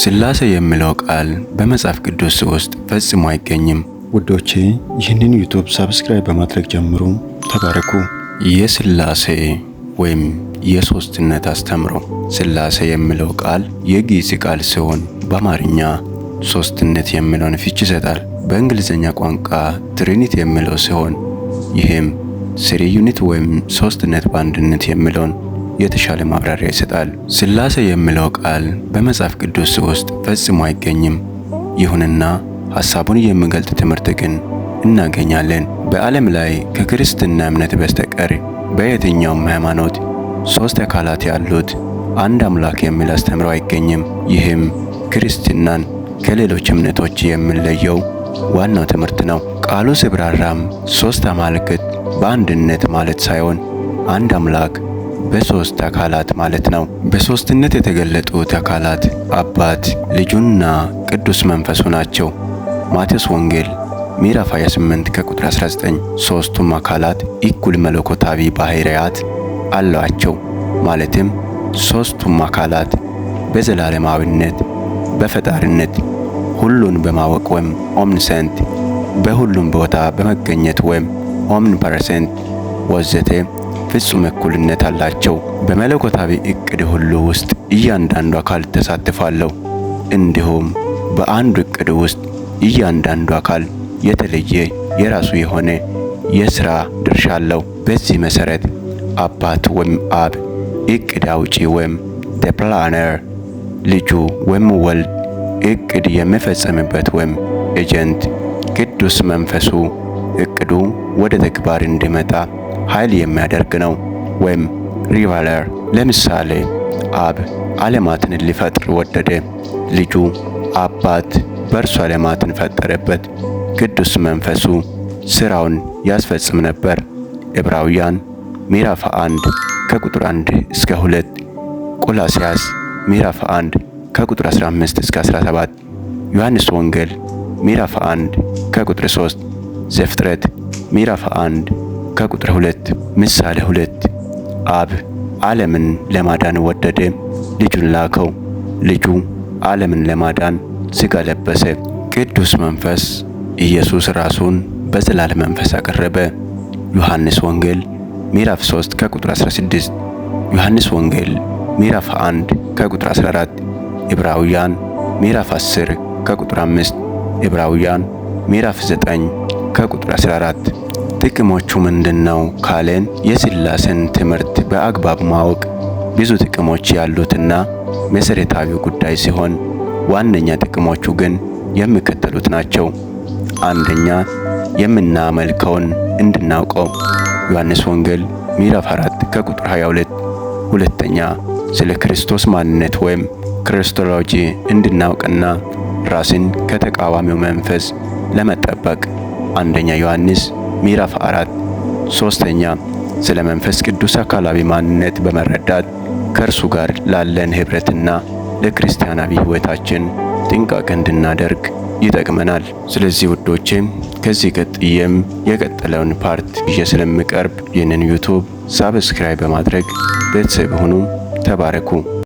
ስላሴ የሚለው ቃል በመጽሐፍ ቅዱስ ውስጥ ፈጽሞ አይገኝም። ውዶቼ ይህንን ዩቱብ ሳብስክራይብ በማድረግ ጀምሩ። ተባረኩ። የስላሴ ወይም የሶስትነት አስተምሮ ስላሴ የሚለው ቃል የግዕዝ ቃል ሲሆን በአማርኛ ሶስትነት የሚለውን ፍች ይሰጣል። በእንግሊዝኛ ቋንቋ ትሪኒት የሚለው ሲሆን ይህም ዩኒት ወይም ሶስትነት በአንድነት የሚለውን የተሻለ ማብራሪያ ይሰጣል። ሥላሴ የሚለው ቃል በመጽሐፍ ቅዱስ ውስጥ ፈጽሞ አይገኝም። ይሁንና ሐሳቡን የሚገልጥ ትምህርት ግን እናገኛለን። በዓለም ላይ ከክርስትና እምነት በስተቀር በየትኛውም ሃይማኖት ሦስት አካላት ያሉት አንድ አምላክ የሚል አስተምሮ አይገኝም። ይህም ክርስትናን ከሌሎች እምነቶች የሚለየው ዋናው ትምህርት ነው። ቃሉ ሲብራራም ሦስት አማልክት በአንድነት ማለት ሳይሆን አንድ አምላክ በሶስት አካላት ማለት ነው። በሶስትነት የተገለጡት አካላት አባት፣ ልጁና ቅዱስ መንፈሱ ናቸው። ማቴዎስ ወንጌል ምዕራፍ 28 ከቁጥር 19። ሶስቱም አካላት እኩል መለኮታዊ ባህሪያት አሏቸው። ማለትም ሶስቱም አካላት በዘላለማዊነት በፈጣሪነት ሁሉን በማወቅ ወይም ኦምኒሰንት በሁሉም ቦታ በመገኘት ወይም ኦምኒፐርሰንት ወዘተ ፍጹም እኩልነት አላቸው። በመለኮታዊ እቅድ ሁሉ ውስጥ እያንዳንዱ አካል ተሳትፋለሁ። እንዲሁም በአንዱ እቅድ ውስጥ እያንዳንዱ አካል የተለየ የራሱ የሆነ የሥራ ድርሻ አለው። በዚህ መሠረት አባት ወይም አብ እቅድ አውጪ ወይም ደ ፕላነር፣ ልጁ ወይም ወልድ እቅድ የሚፈጸምበት ወይም ኤጀንት፣ ቅዱስ መንፈሱ እቅዱ ወደ ተግባር እንዲመጣ ኃይል የሚያደርግ ነው ወይም ሪቫለር። ለምሳሌ አብ ዓለማትን ሊፈጥር ወደደ። ልጁ አባት በእርሱ ዓለማትን ፈጠረበት። ቅዱስ መንፈሱ ሥራውን ያስፈጽም ነበር። ዕብራውያን ምዕራፍ 1 ከቁጥር 1 እስከ 2፣ ቆላስያስ ምዕራፍ 1 ከቁጥር 15 እስከ 17፣ ዮሐንስ ወንጌል ምዕራፍ 1 ከቁጥር 3፣ ዘፍጥረት ምዕራፍ 1 ከቁጥር ሁለት ምሳሌ ሁለት አብ ዓለምን ለማዳን ወደደ፣ ልጁን ላከው። ልጁ ዓለምን ለማዳን ሥጋ ለበሰ። ቅዱስ መንፈስ ኢየሱስ ራሱን በዘላለ መንፈስ አቀረበ። ዮሐንስ ወንጌል ምዕራፍ 3 ከቁጥር 16፣ ዮሐንስ ወንጌል ምዕራፍ 1 ከቁጥር 14፣ ዕብራውያን ምዕራፍ 10 ከቁጥር 5፣ ዕብራውያን ምዕራፍ 9 ከቁጥር 14 ጥቅሞቹ ምንድን ነው ካለን የስላሴን ትምህርት በአግባብ ማወቅ ብዙ ጥቅሞች ያሉትና መሰረታዊ ጉዳይ ሲሆን ዋነኛ ጥቅሞቹ ግን የሚከተሉት ናቸው። አንደኛ የምናመልከውን እንድናውቀው ዮሐንስ ወንጌል ምዕራፍ 4 ከቁጥር 22። ሁለተኛ ስለ ክርስቶስ ማንነት ወይም ክርስቶሎጂ እንድናውቅና ራስን ከተቃዋሚው መንፈስ ለመጠበቅ አንደኛ ዮሐንስ ምዕራፍ አራት ሶስተኛ ስለ መንፈስ ቅዱስ አካላዊ ማንነት በመረዳት ከእርሱ ጋር ላለን ኅብረትና ለክርስቲያናዊ ሕይወታችን ጥንቃቄ እንድናደርግ ይጠቅመናል። ስለዚህ ውዶቼም ከዚህ ቀጥዬም የቀጠለውን ፓርት ይዤ ስለምቀርብ ይህንን ዩቱብ ሳብስክራይብ በማድረግ ቤተሰብ ሁኑ። ተባረኩ።